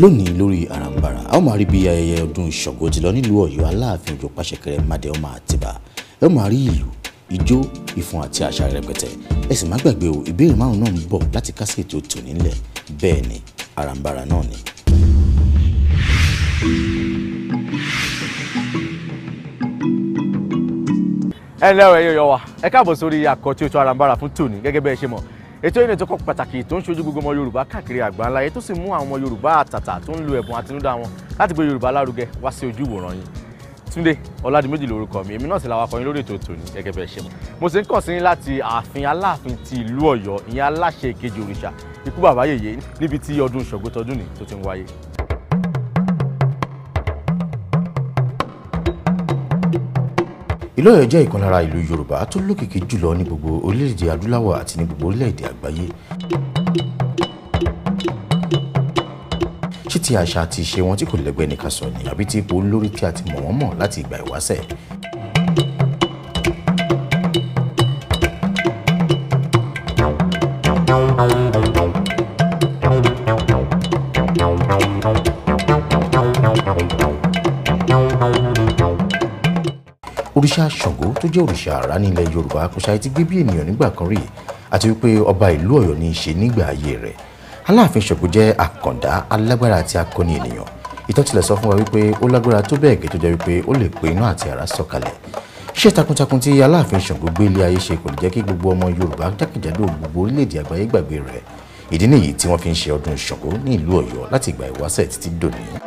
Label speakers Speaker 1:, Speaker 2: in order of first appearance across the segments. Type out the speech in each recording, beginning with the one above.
Speaker 1: lónìí lórí Arambara, a ó máa rí bí ayẹyẹ ọdún Ṣàngó ti lọ nílùú Ọ̀yọ́ Aláàfin Òjó Pàṣẹkẹrẹ Mádé Ọmọ Àtìbà ẹ ó máa rí ìlú ijó ìfun àti àṣà rẹpẹtẹ ẹ sì má gbàgbé o ìbéèrè márùn náà ń bọ̀ láti kásẹ̀ tó tò nílẹ̀ bẹ́ẹ̀ ni àràǹbarà náà ni.
Speaker 2: ẹ lẹ́wọ̀ ẹ̀yọ́ yọ wa ẹ káàbọ̀ sórí àkọ́tí ètò àràǹbarà fún tòní gẹ́gẹ́ bẹ́ẹ̀ ṣe mọ̀ ètò ìrìn tó kọ pàtàkì tó ń ṣojú gbogbo ọmọ yorùbá káàkiri àgbáńlá yẹn tó sì mú àwọn ọmọ yorùbá àtàtà tó ń lo ẹ̀bùn àtinúdá wọn láti gbé yorùbá lárugẹ wá sí ojú ìwòran yìí túndé ọládìméjì lórúkọ mi èmi náà sì làwọn akọrin lórí ètò tòní gẹ́gẹ́ bẹ́ẹ̀ ṣe mọ̀ mo sì ń kàn sí ní láti ààfin aláàfin ti ìlú ọ̀yọ́ ìyẹn aláṣẹ ìkejì òrìṣà ikú bàbá yèyé níbi tí ọdún ṣògo tọdún ní tó ti ń wáyé
Speaker 1: Ìlọ́yọ̀ jẹ́ ìkan lára ìlú Yorùbá tó lókìkí jùlọ ní gbogbo orílẹ̀-èdè adúláwọ̀ àti ní gbogbo orílẹ̀-èdè àgbáyé. ṣé ti àṣà àti ìṣe wọn tí kò lẹ́gbẹ́ ní ká sọ ni àbí ti ipò olórí tí a ti mọ̀ wọ́n mọ̀ láti ìgbà ìwáṣẹ̀. òrìṣà Ṣàngó tó jẹ́ òrìṣà àrá ní ilẹ̀ Yorùbá kò ṣàì ti gbé bí ènìyàn nígbà kan rí àti wípé ọba ìlú Ọ̀yọ́ ní í ṣe nígbà ayé rẹ̀ Aláàfin Ṣàngó jẹ́ àkàndá alágbára àti akọni ènìyàn ìtọ́tilẹ̀ sọ fún wa wípé ó lágbára tó bẹ́ẹ̀ gẹ́ tó jẹ́ wípé ó lè pe iná àti àrá sọ̀kalẹ̀ iṣẹ́ takuntakun tí Aláàfin Ṣàngó gbé ilé ayé ṣe kò lè jẹ́ kí gbogbo ọmọ Yorùbá jákèjádò gbogbo orílẹ̀-èdè àgbáyé gbàgbé rẹ̀ ìdí nìyí tí wọ́n fi ń ṣe ọdún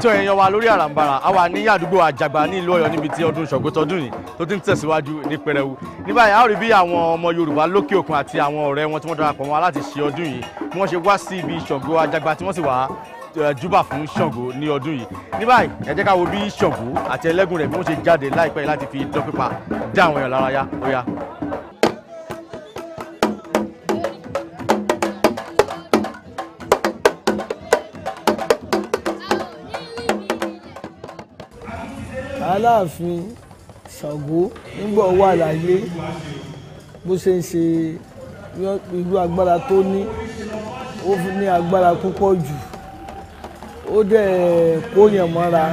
Speaker 2: tó èèyàn wa lórí àràǹbarà a wà ní àdúgbò àjàgbá ní ìlú Ọ̀yọ́ níbi tí ọdún ṣọgbọtọdún ni tó ti ń tẹ̀síwájú ní pẹrẹwu ní báyìí a ó rí bí àwọn ọmọ Yorùbá lókè òkun àti àwọn ọ̀rẹ́ wọn tí wọ́n darapọ̀ mọ́ láti ṣe ọdún yìí bí wọ́n ṣe wá sí ibi Ṣàngó àjàgbá tí wọ́n sì wá júbà fún Ṣàngó ní ọdún yìí ní báyìí ẹ
Speaker 3: aláàfin ṣàngó nígbà wà láyé bó ṣe ń ṣe irú agbára tó ní ó ní agbára púpọ̀ jù ó dẹ̀ kóyàn mọ́ra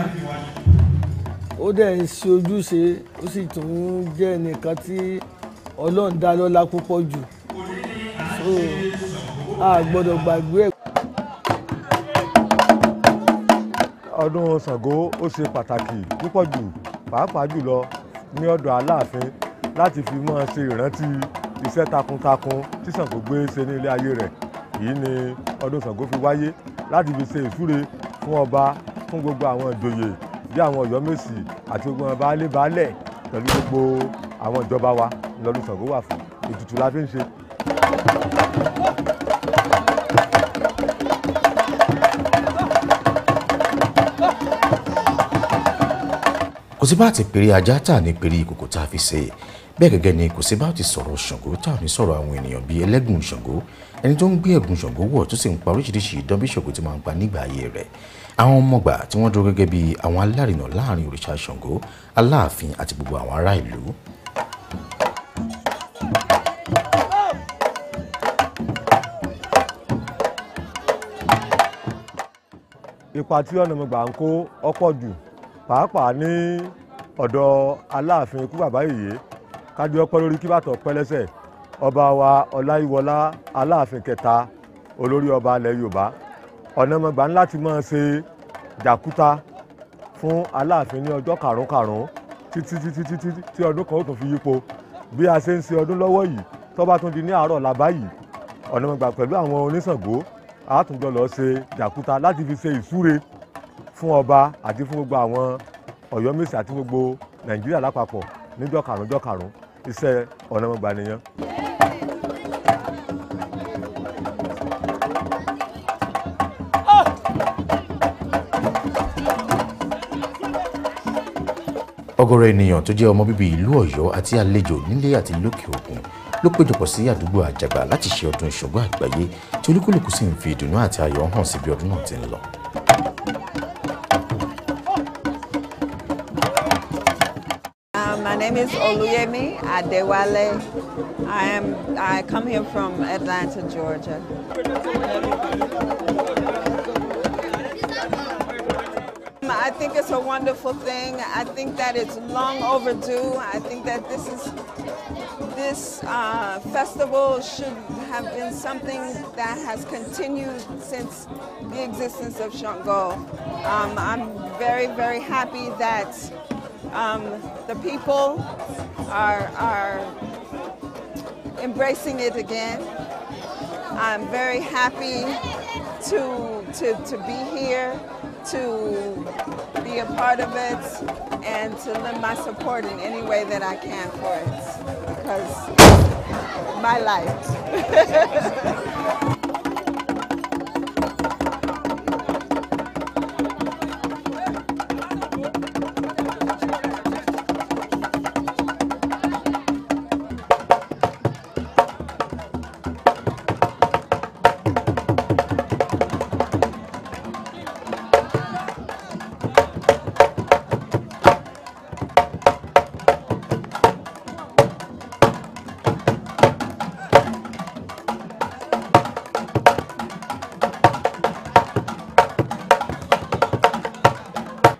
Speaker 3: ó dẹ̀ ń ṣe ojúṣe ó sì tún jẹ́ ẹnìkan tí ọlọ́run dá lọ́lá púpọ̀ jù so a gbọ́dọ̀ gbàgbé ẹ̀.
Speaker 4: ọdún Ṣàngó ó ṣe pàtàkì púpọ̀ jù pàápàá jùlọ ní ọ̀dọ̀ Aláàfin láti fi mọ́ ṣe ìrántí iṣẹ́ takuntakun tí Ṣàngó gbé ṣe ní ilé ayé rẹ̀ yìí ni ọdún Ṣàngó fi wáyé láti fi ṣe ìsúre fún ọba fún gbogbo àwọn ìjòyè bí àwọn Ọ̀yọ́mèsì àti gbogbo àwọn baálé baálẹ̀ pẹ̀lú gbogbo àwọn ìjọba wa lọ́dún Ṣàngó wà fún ètùtù la fi ń ṣe
Speaker 1: sí bá ti pèrè ajá tà ní pèrè ìkòkò tá a fi ṣe bẹ́ẹ̀ gẹ́gẹ́ ni kò sí bá ti sọ̀rọ̀ ṣàngó tá a ní sọ̀rọ̀ àwọn ènìyàn bíi ẹlẹ́gùn ṣàngó ẹni tó ń gbé ẹ̀gùn ṣàngó wọ̀ tó sì ń pa oríṣiríṣi ìdán bí ṣàngó ti máa ń pa nígbà ayé rẹ̀ àwọn ọmọọgbà tí wọ́n dúró gẹ́gẹ́ bíi àwọn alárinà láàrin òrìṣà ṣàngó aláàfin àti gbogbo àwọn ará ìlú
Speaker 4: ipa tí ń kó ọ̀pọ̀ jù pàápàá ní ọ̀dọ̀ aláàfin ikú bàbá ìyè kájú ọpẹ́ lórí kí bàtọ̀ pẹ́ lẹ́sẹ̀ ọba wa ọláyíwọlá aláàfin kẹta olórí ọba ilẹ̀ yorùbá ọ̀nàmọ̀gbà ńlá ti máa ṣe jàkúta fún aláàfin ní ọjọ́ karùn-karùn títí títí títí tí ọdún kan ó tún fi yípo bí a ṣe ń ṣe ọdún lọ́wọ́ yìí tó bá tún di ní àárọ̀ làbá yìí ọ̀nàmọ̀gbà pẹ̀lú àwọn oníṣàngó àtúnjọ ṣe jàkúta láti fi ṣe ìsúre fún ọba àti fún gbogbo àwọn Ọ̀yọ́mèsì àti gbogbo Nàìjíríà lápapọ̀ níjọ́ karùn-ún jọ́ karùn-ún iṣẹ́ Ọ̀nàmọ̀gbà nìyẹn.
Speaker 1: ọ̀gọ̀rọ̀ ènìyàn tó jẹ́ ọmọ bíbí ìlú Ọ̀yọ́ àti àlejò nílé àti lókè òkun ló péjọpọ̀ sí àdúgbò àjàgbà láti ṣe ọdún Ṣàngó àgbáyé tí olúkúlùkù sì ń fi ìdùnnú àti ayọ̀ hàn sí bí ọdún náà ti ń lọ.
Speaker 3: name is Oluyemi Adewale. I am I come here from Atlanta, Georgia. Um, I think it's a wonderful thing. I think that it's long overdue. I think that this is this uh, festival should have been something that has continued since the existence of Shango. Um, I'm very, very happy that um, the people are, are embracing it again. I'm very happy to, to, to be here, to be a part of it, and to lend my support in any way that I can for it, because my life.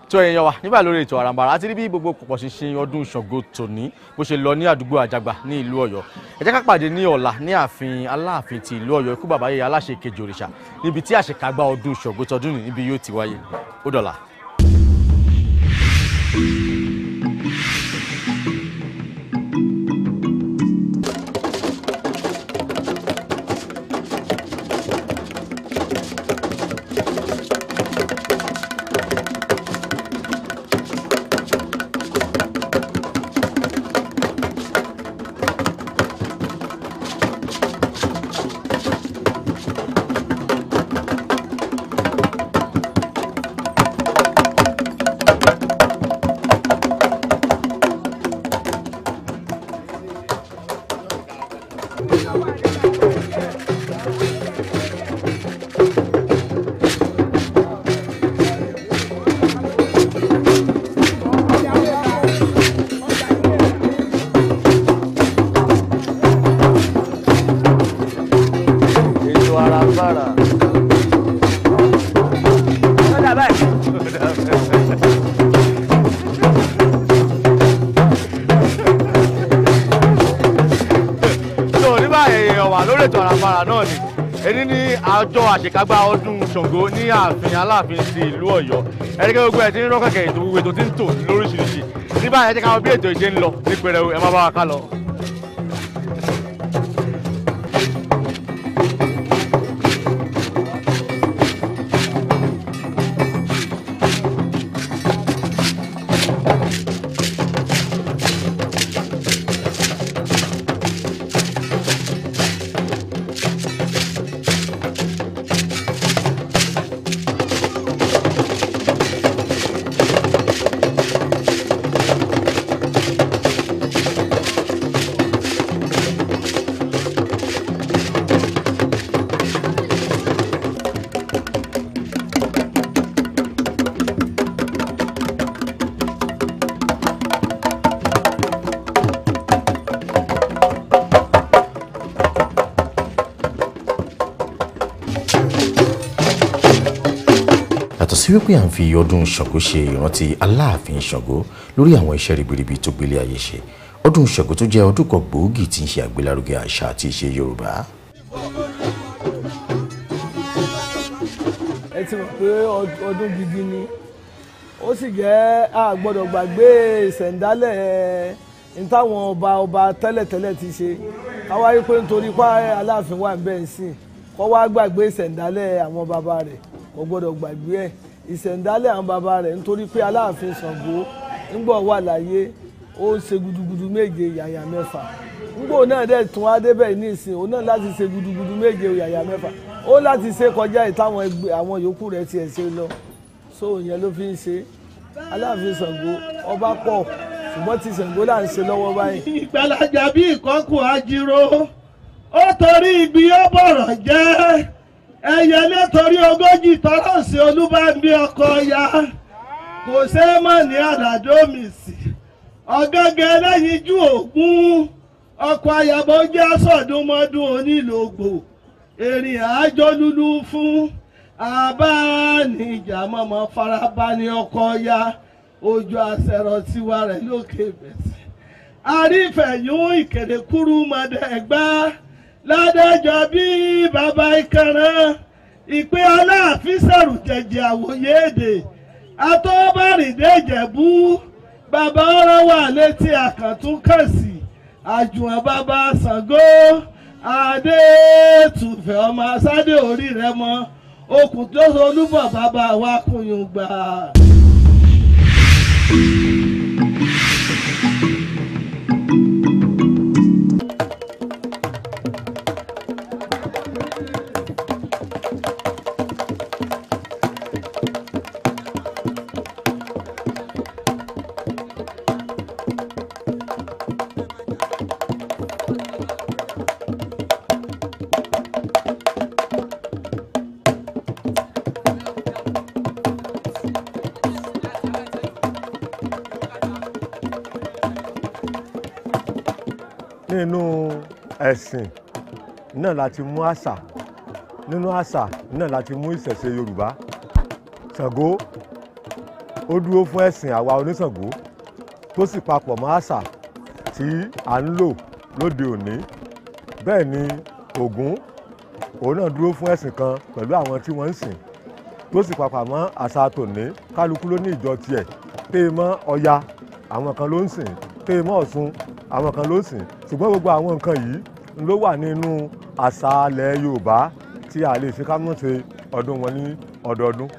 Speaker 2: tó èèyàn wa nígbà lórí ètò àràǹbarà àti níbi gbogbo pọ̀pọ̀ ṣinṣin ọdún Ṣàngó tòní bó ṣe lọ ní àdúgbò àjàgbà ní ìlú Ọ̀yọ́ ẹ jẹ́ ká pàdé ní ọ̀la ní ààfin Aláàfin ti ìlú Ọ̀yọ́ ikú bàbá yẹyẹ aláṣẹ kejì òrìṣà níbi tí àṣekágbá ọdún Ṣàngó tọdún níbi yóò ti wáyé ó dọ̀la. ọjọ́ àṣekágbá ọdún Ṣàngó ní ààfin Aláàfin ti ìlú Ọ̀yọ́ ẹ̀ríkẹ́ gbogbo ẹ̀ ti ń rọ́ kẹ̀kẹ́ ètò ètò tí ń tò lóríṣiríṣi ní báyìí ẹ jẹ́ ká mọ̀ bí ètò ìṣe ń lọ ní pẹrẹu ẹ má bá wa ká lọ.
Speaker 1: àti wípé à ń fi ọdún Ṣàngó ṣe ìrántí Aláàfin Ṣàngó lórí àwọn iṣẹ́ ribiribi tó gbélé ayé ṣe ọdún Ṣàngó tó jẹ́ ọdún kan gbòógì tí ń ṣe àgbélárugẹ àṣà àti ìṣe Yorùbá.
Speaker 3: ẹ ti mọ̀ pé ọdún gidi ni ó sì jẹ́ a gbọ́dọ̀ gbàgbé ìṣẹ̀ǹdálẹ̀ ntáwọn ọba ọba tẹ́lẹ̀tẹ́lẹ̀ ti ṣe káwá yí pé nítorí pa Aláàfin wà ń bẹ̀ ń kọ́ wá gbàgbé ìṣẹ̀ǹdálẹ̀ àwọn bàbá rẹ̀ kò gbọ́dọ̀ gbàgbé ẹ̀ ìṣẹ̀ǹdálẹ̀ àwọn bàbá rẹ̀ nítorí pé aláàfin Ṣàngó ńgbọ̀ wà láyé ó ń ṣe gudugudu méje yàyà mẹ́fà ńgbò náà dẹ̀ tún wá débẹ̀ ní ìsìn òun náà láti ṣe gudugudu méje yàyà mẹ́fà ó láti ṣe kọjá ìtàwọn ẹgbẹ́ àwọn yòókù rẹ̀ tiẹ̀ ṣe lọ so ìyẹn ló fi ń ṣe aláàfin Ṣàngó ọba pọ̀ ṣùgbọ́n ti Ṣàngó là ń ṣe lọ́wọ́ báyìí. ìgbàlajà bí ìkọ́kù ajiro ó torí ibi ó bọ̀rọ̀ jẹ́ ẹyẹ nítorí ogójì tọ́lọ́sì olúbàbí ọkọ ya kò ṣe é mọ̀ ní àdàdo mi sí ọ̀gángan ẹlẹ́yin ju ògún ọkọ̀ ayàbọ̀ jẹ́ sọ̀dúnmọ́dún onílògbò èrìn àjọ lulú fún abánijà mọ́mọ́ farabani ọkọ̀ ya ojú àṣẹrọ tiwa rẹ̀ lókè bẹ̀sẹ̀ àrífẹ̀yún ìkèrèkúrú mọ́dẹ́gbàá ládẹjọ bí bàbá ìkànnà ìpín aláàfin sàrùjẹjẹ àwòye èdè atọ́bárìndé ìjẹ̀bú bàbá ọ̀rọ̀ wà létí àkàtún kàsì àjùwọ̀n bàbá Ṣàngó adétùfẹ́ ọmọ asádé orí rẹ mọ okùn tó solúbọ̀ bàbá wa kùnyùngbà. thank you
Speaker 4: nínú ẹ̀sìn náà la ti mú àṣà nínú àṣà náà la ti mú ìṣẹ̀ṣe Yorùbá Ṣàngó ó dúró fún ẹ̀sìn àwa oníṣàngó tó sì papọ̀ mọ́ àṣà tí à ń lò lóde òní bẹ́ẹ̀ ni Ògún òun náà dúró fún ẹ̀sìn kan pẹ̀lú àwọn tí wọ́n ń sìn tó sì papọ̀ mọ́ àṣà tòní kálukú ló ní ìjọ tiẹ̀ pé mọ́ Ọya àwọn kan ló ń sìn pé mọ́ Ọ̀ṣun àwọn kan ló ń sìn ṣùgbọ́n gbogbo àwọn nǹkan yìí ló wà nínú àṣà ilẹ̀ Yorùbá tí a lè ṣe ká mọ̀ ṣe ọdún wọn ní ọdọọdún.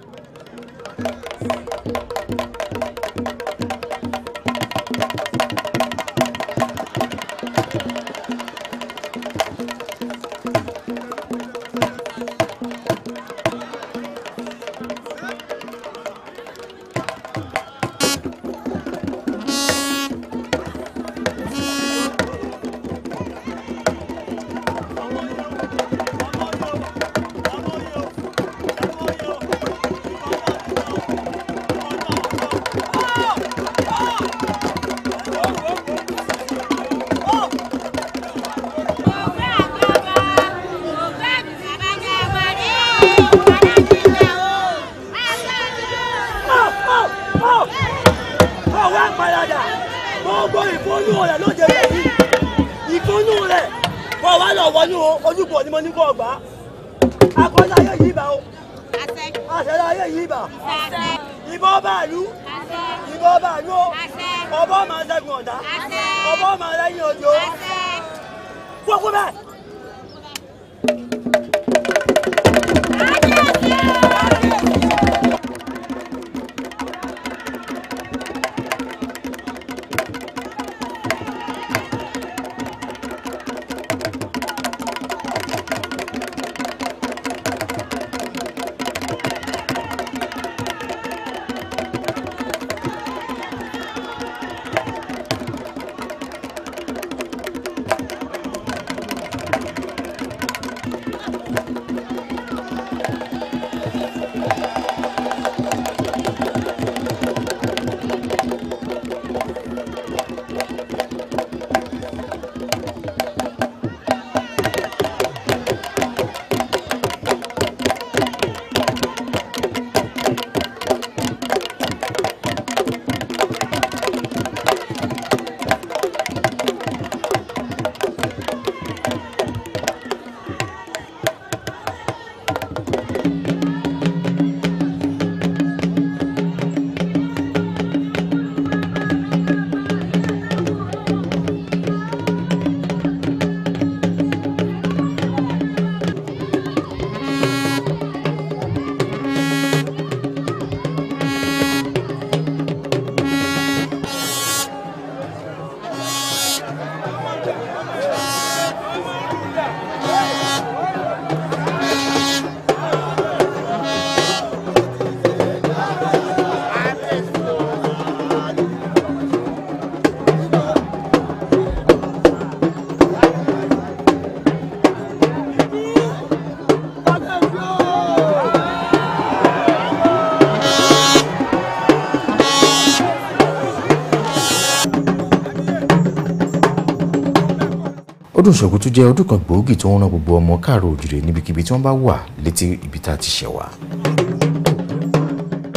Speaker 5: ọdún
Speaker 1: ṣàngó tún jẹ́ ọdún kan gbòógì tó ń ran gbogbo ọmọ káàrọ̀ òjìrè níbikíbi tí wọ́n bá wà létí ibi tá a ti ṣẹ̀ wá.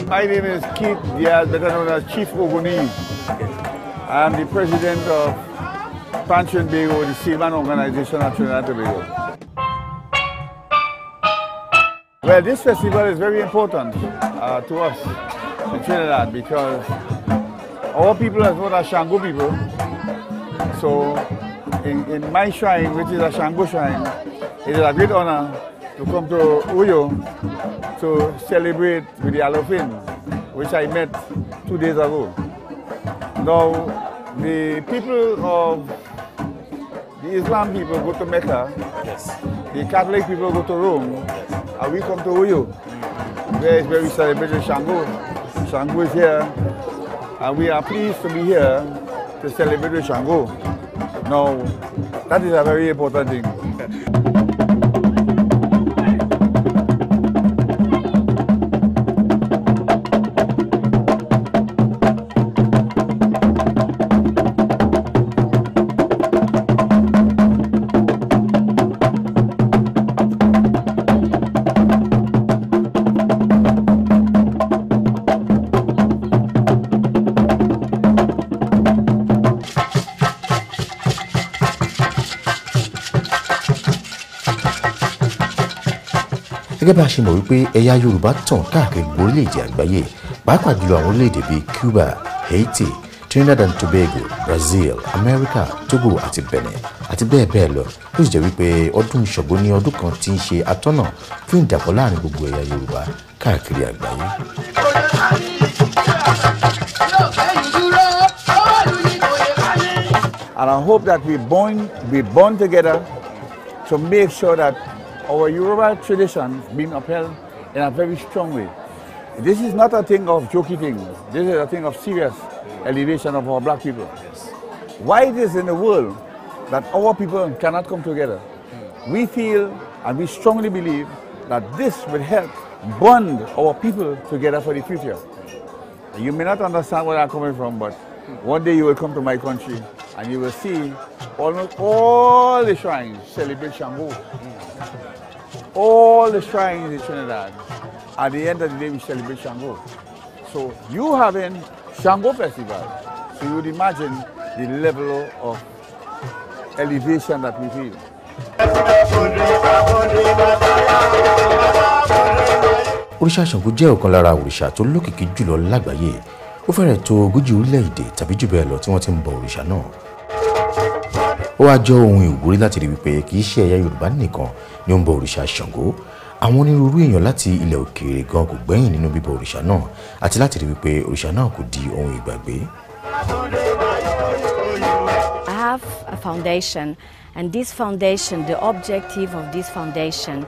Speaker 5: My name is Keith Diaz, better known as Chief Ogunniyi. I am the president of Pantheon Bayo, the seaman organization at Trinidad and Well, this festival is very important uh, to us in Trinidad because our people are known as Shango people. So in, in my shrine, which is a Shango shrine, it is a great honor to come to Uyo to celebrate with the Alofins, which I met two days ago. Now, the people of the Islam people go to Mecca, yes. the Catholic people go to Rome, yes. and we come to Uyo, where is where we celebrate Shango. Shango is here, and we are pleased to be here to celebrate Shango. No, that is a very important thing.
Speaker 1: gẹ́gẹ́ bá a ṣe mọ̀ wípé ẹ̀yà Yorùbá tàn káàkiri orílẹ̀-èdè àgbáyé pàápàá jùlọ àwọn orílẹ̀-èdè bíi Cuba, Haiti, Trinidad and Tobago, Brazil, America, Togo àti Benin àti bẹ́ẹ̀ bẹ́ẹ̀ lọ ló sì jẹ́ wípé ọdún Ṣàngó ní ọdún kan tí ń ṣe atọ́nà fún ìdàpọ̀ láàrin gbogbo ẹ̀yà Yorùbá
Speaker 5: káàkiri àgbáyé. And I hope that we bond, we bond together to make sure that Our Yoruba tradition being upheld in a very strong way. This is not a thing of jokey things. This is a thing of serious elevation of our black people. Why it is in the world that our people cannot come together? We feel and we strongly believe that this will help bond our people together for the future. You may not understand where I'm coming from, but one day you will come to my country and you will see almost all the shrines celebrate Shango. All the shrines in Trinidad, at the end of the day, we celebrate Shango. So you having Shango Festival, so you would imagine the level of elevation that we feel.
Speaker 1: Òrìṣà Ṣàngó jẹ́ ọ̀kan lára òrìṣà tó lókìkí jùlọ lágbàáyé ó fẹ́rẹ̀ tó ogójì orílẹ̀-èdè tàbí jù bẹ́ẹ̀ lọ tí wọ́n ti ń bọ òrìṣà náà ó wá jọ ohun ìwúrí láti rí wípé kì í ṣe ẹ̀yà Yorùbá nìkan ni ó ń bọ òrìṣà Ṣàngó àwọn onírúurú èèyàn láti ilẹ̀ òkèèrè gan kò gbẹ́yìn nínú bíbọ òrìṣà náà àti láti rí wípé òrìṣà náà kò di ohun ìgbàgbé.
Speaker 6: I have a foundation and this foundation the objective of this foundation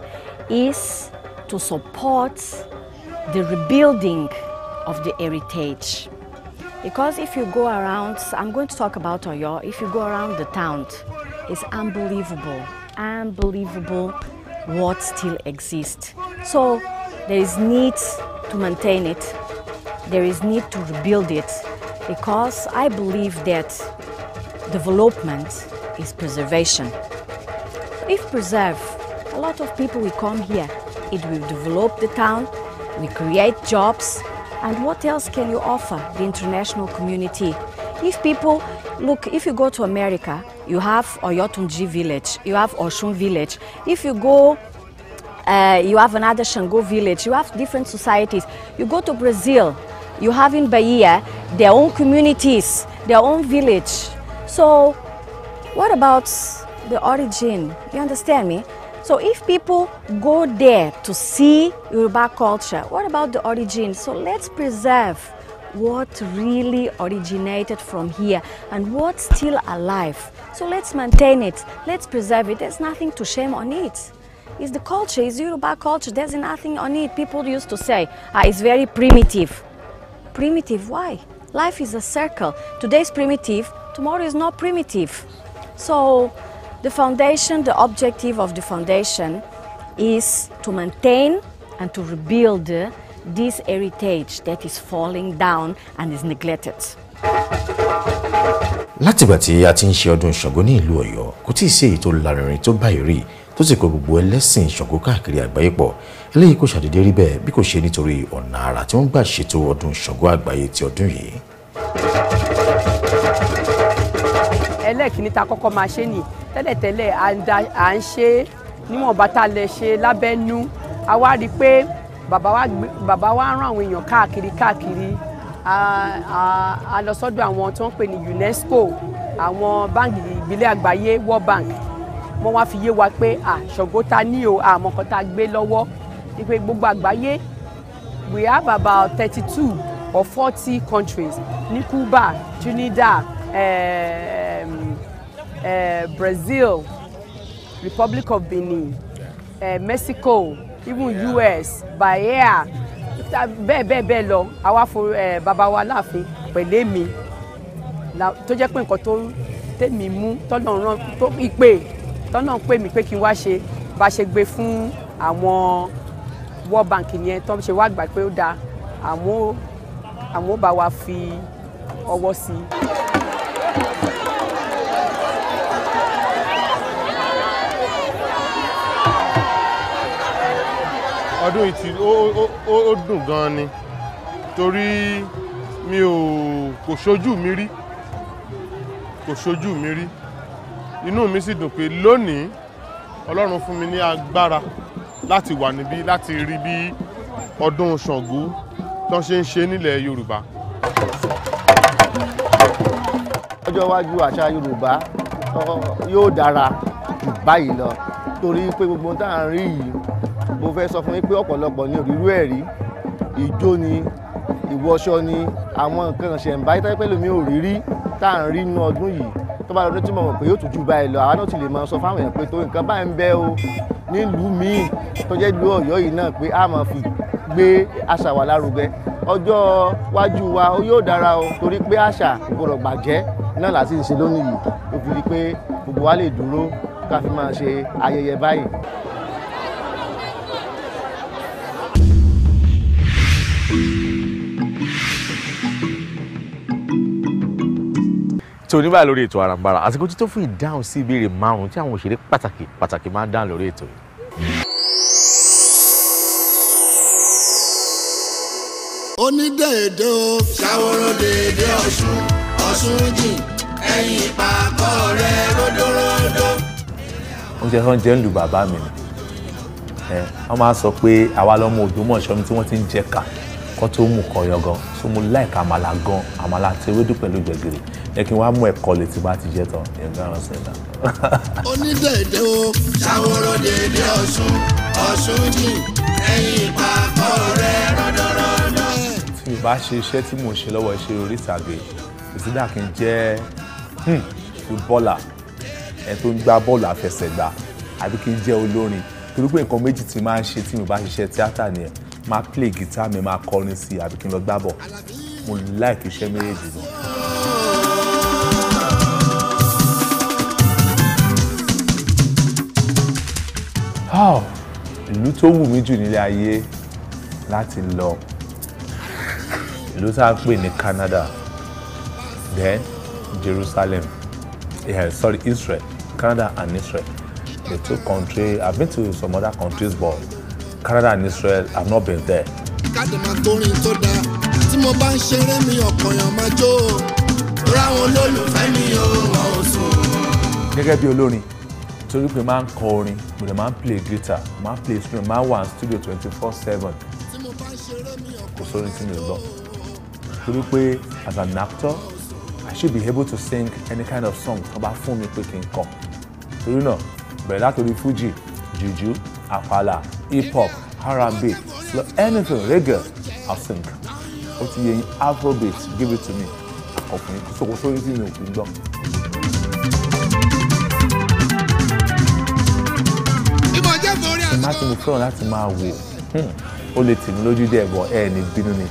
Speaker 6: is to support the rebuilding of the heritage. Because if you go around, I'm going to talk about Oyo, if you go around the town, it's unbelievable, unbelievable what still exists. So there is need to maintain it, there is need to rebuild it, because I believe that development is preservation. If preserved, a lot of people will come here. It will develop the town, we create jobs, and what else can you offer the international community? If people look, if you go to America, you have Oyotunji village, you have Oshun village. If you go uh, you have another Shango village, you have different societies. You go to Brazil, you have in Bahia their own communities, their own village. So what about the origin? You understand me? So if people go there to see Yoruba culture, what about the origin? So let's preserve what really originated from here and what's still alive. So let's maintain it, let's preserve it. There's nothing to shame on it. It's the culture, it's Yoruba culture, there's nothing on it. People used to say, ah, it's very primitive. Primitive, why? Life is a circle. Today's primitive, tomorrow is not primitive. So The foundation, the objective of the foundation is to maintain and to rebuild this heritage that is falling down and is neglected.
Speaker 1: látìgbà tí a ti ń ṣe ọdún Ṣàngó ní ìlú Ọ̀yọ́ kò tí ì sí èyí tó lárinrin tó báyìí rí tó sì kó gbogbo ẹlẹ́sìn Ṣàngó káàkiri àgbáyé pọ̀ eléyìí kò ṣàdédé rí bẹ́ẹ̀ bí kò ṣe nítorí ọ̀nà àrà tí wọ́n gbà ṣètò ọdún Ṣàngó àgbáyé ti ọdún yìí.
Speaker 7: ẹlẹ́ẹ̀kíní ta kọ́kọ́ máa ṣe nì tẹ́lẹ̀tẹ́lẹ̀ à ń ṣe níwọ̀nba tá a lè ṣe lábẹ́nú a wá rí i pé bàbá wa rán àwọn èèyàn káàkiri káàkiri a lọ sọ́dọ̀ àwọn tó ń pè ní UNESCO àwọn báńkì ìbílẹ̀ àgbáyé World Bank wọ́n wá fi yé wa pé à Ṣàngó ta ní o àmọ́ kan tá a gbé lọ́wọ́ ni gbogbo àgbáyé we have about thirty two or forty countries ní Cuba Trinidad. Eh, uh, Brazil, Republic of Benin, uh, Mexico, even yeah. US, Bahia, bẹ́ẹ̀ bẹ́ẹ̀ bẹ́ẹ̀ lọ àwa fo eh, bàbá wa láàfin pẹ̀lẹ́ mi tó jẹ́ pé nǹkan tó tèmi mú tọ́nà rán tó ìpè tọ́nà pè mí pé kí n wá ṣe bá ṣe gbé fún àwọn World Bank yẹn tó ń ṣe wá gbà pé ó dáa àwọn àwọn ó bá wa fi ọwọ́ sí i.
Speaker 8: ọdún yìí ti ó dùn gan ni torí mi ò kò ṣojú mi rí kò ṣojú mi rí inú mi sì dùn pé lónìí ọlọ́run fún mi ní agbára láti wà níbí láti rí bí ọdún Ṣàngó tán ṣe ń ṣe nílẹ̀ Yorùbá.
Speaker 1: ọjọ́ iwájú àṣà Yorùbá yóò dára jù báyìí lọ torí pé gbogbo tá à ń rí yìí mo fẹ́ sọ fún yín pé ọ̀pọ̀lọpọ̀ ní òrírú ẹ̀ rí ìjó ni ìwọṣọ ni àwọn nǹkan ṣẹ̀ ń báyìí tẹ́lẹ̀ pẹ́lú mi ò rí rí tá à ń rí inú ọdún yìí tó bá lọ́dún tí mo mọ̀ pé yóò tún jù báyìí lọ àwa náà ti lè máa sọ fáwọn èèyàn pé tó nǹkan báyìí ń bẹ o nílùú míì tó jẹ́ ìlú Ọ̀yọ́ yìí náà pé a máa fi gbé àṣà wa lárugẹ ọjọ́ wájú wa ó yóò dára o torí pé àṣà gbọ́dọ̀ bàjẹ́ náà láti ṣe lónìí yìí ó fi di pé gbogbo wa lè dúró ká fi máa ṣe ayẹyẹ báyìí.
Speaker 2: tòní báyìí lórí ètò àràǹbarà àsìkò tí fún ìdáhùn sí ìbéèrè márùn tí àwọn òṣèré pàtàkì pàtàkì máa ń dáhùn lórí ètò yìí.
Speaker 3: onídèédé o. ṣàwòrán dèédé ọ̀ṣun ọ̀ṣun jìn ẹ̀yìn ìpàkọ́ rẹ̀ ródóródó.
Speaker 8: oúnjẹ tó ń jẹ ń lu bàbá mi ni wọ́n máa ń sọ pé àwa lọ́mọ Ògbómọ̀ṣọ́ mi tí wọ́n ti ń jẹ ká kó tó mú kọyọ gan so mo láìka àmàlà gan àmàlà àti ewédú pẹ̀lú gbẹ̀gìrì jẹ kí n wá mú ẹ̀kọ́ lè ti bá ti jẹ tán yẹn gbọ́dọ̀ sẹ́dá.
Speaker 3: onídèédé o ṣàwòrò dèédé ọ̀ṣun ọ̀ṣun jì ẹ̀yìn ìpàkọ́
Speaker 1: rẹ̀
Speaker 8: rọ́dọ̀rọ́dọ̀. tí mi bá ṣe iṣẹ́ tí mò ṣe lọ́wọ́ iṣẹ́ orí ìtàgé ìsídà kí n jẹ́ hmm, fútbọ́là ẹ̀ tó ń gbá bọ́ọ̀lù àfẹsẹ̀gbá àbí kí n jẹ́ olórin torí pé nǹkan méjì tí máa ń ṣe tí mi bá ṣiṣẹ́ tíátà nìyẹn máa play guitar mi máa kọrin sí i àbí kí n lọ gbá bọ̀ mo like iṣẹ́ méjèèjì náà. wow ìlú tó wù mí jù nílé ayé láti lọ ìlú tá a pè ní Canada then Jerusalem yeah, sorry Israel Canada and Israel the two countries I've been to some other countries but Canada and Israel I've not been there.
Speaker 3: káde máa torin tó dáa tí mo bá ń ṣeré mi ọ̀pọ̀yàn máa jó ráwọn olólùfẹ́ mi ò wọ́n ò sùn.
Speaker 8: gẹ́gẹ́ bí olórin torí pé máa ń kọ orin mo dẹ̀ máa ń play guitar máa play string máa wà ní studio twenty four seven kò sórin tí mi ò gbọ́ torí pé as an actor I should be able to sing any kind of song tó bá fún mi pé kí n kọ torí náà bẹ̀rẹ̀ látòrí fuji juju àpàlà hip hop R&B so anything reggae I sing ó ti yẹ afrobeat give it to me ọkùnrin kò sórin tí mi ò kì gbọ́. sinimá tí mo fẹ́ràn láti máa wò hmm. ó lè tì lójú díẹ̀ bọ̀ ẹ ní bínú ni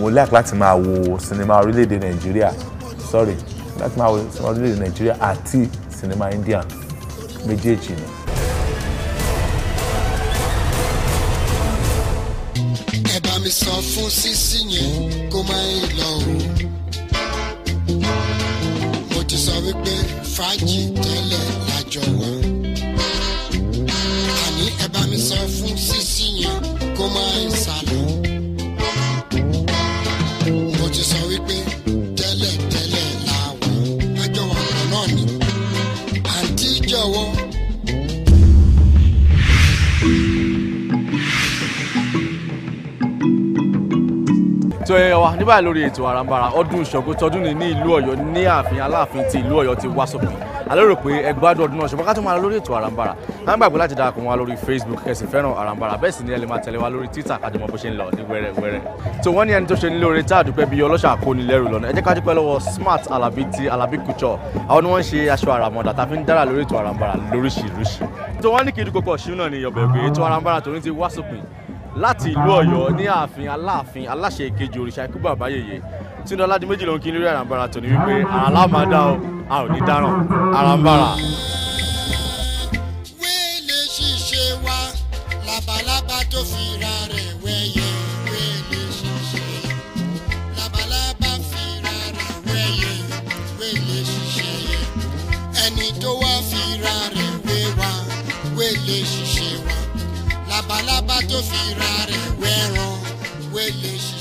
Speaker 8: mo like láti máa wo sinimá orílẹ̀-èdè nàìjíríà sorry láti máa wo sinimá orílẹ̀-èdè nàìjíríà àti sinimá india méjèèjì ni.
Speaker 3: ẹ mi sọ fún Sisi yẹn kó má ń lọ o mo ti sọ wípé fàájì tẹ́lẹ̀ lájọ wọn mi sọ fún sísí yẹn kó máa ń sálọ. mo ti sọ wípé tẹ́lẹ̀ tẹ́lẹ̀ làwọn ẹjọ́ wà ni àǹtí jọ̀wọ́.
Speaker 2: tó ẹ wà ní lórí ètò àràǹbarà ọdún Ṣàngó tọdún ní ìlú Ọ̀yọ́ ní ààfin Aláàfin ti ìlú Ọ̀yọ́ ti wá sópin alérò pé ẹ gbádùn ọdún náà ṣùgbọ́n ká tó máa lọ lórí ètò àràǹbarà má gbàgbé láti darapọ̀ wá lórí facebook kẹ́ sì fẹ́ràn àràǹbarà bẹ́ẹ̀ sì ni ẹ lè máa tẹ̀lé wa lórí twitter ká tó mọ bó ṣe ń lọ ní wẹ́rẹ́wẹ́rẹ́ tó wọ́n ní ẹni tó ṣe ní lóore tá a dúpẹ́ bíi ọlọ́ṣà àkónilẹ́rù lọ́nà ẹ jẹ́ ká dúpẹ́ lọ́wọ́ smart alabi ti alabi kuchọ àwọn ni wọ́n ń ṣe aṣọ àràmọ̀dà tá a fi ń dára lórí ètò àràǹbarà lóríṣiríṣi tó wọ́n ní kí dúkọ́ pọ̀ ṣínà ní ọbẹ̀ ògbé ètò àràǹbarà tòun ti wá sópin láti ìlú Ọ̀yọ́ ní ààfin aláàfin aláṣẹ ìkejì òrìṣà ikú a ò ní dáràn ara ń bára. wẹ́lẹ̀ ṣiṣẹ́
Speaker 3: wa labalábá tó fi ra rẹ̀ wẹ́yẹ wẹ́lẹ̀ ṣiṣẹ́ labalábá fi ra rẹ̀ wẹ́yẹ wẹ́lẹ̀ ṣiṣẹ́ ẹni tó wá fi ra rẹ̀ wẹ́wà wẹ́lẹ̀ ṣiṣẹ́ wa labalábá tó fi ra rẹ̀ wẹ́ràn wẹ́lẹ̀ ṣiṣẹ́.